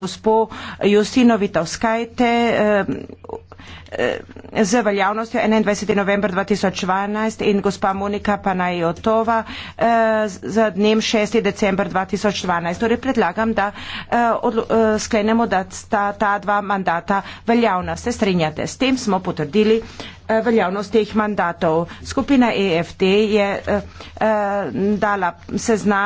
gospo Justino Vitovskajte ehm, eh, z veljavnostjo 21. novembra 2012 in gospa Monika Panajotova eh, z dnem 6. december 2012. Torej predlagam, da eh, sklenemo, da sta ta dva mandata veljavna. Se strinjate? S tem smo potrdili veljavnost teh mandatov. Skupina EFT je dala seznam.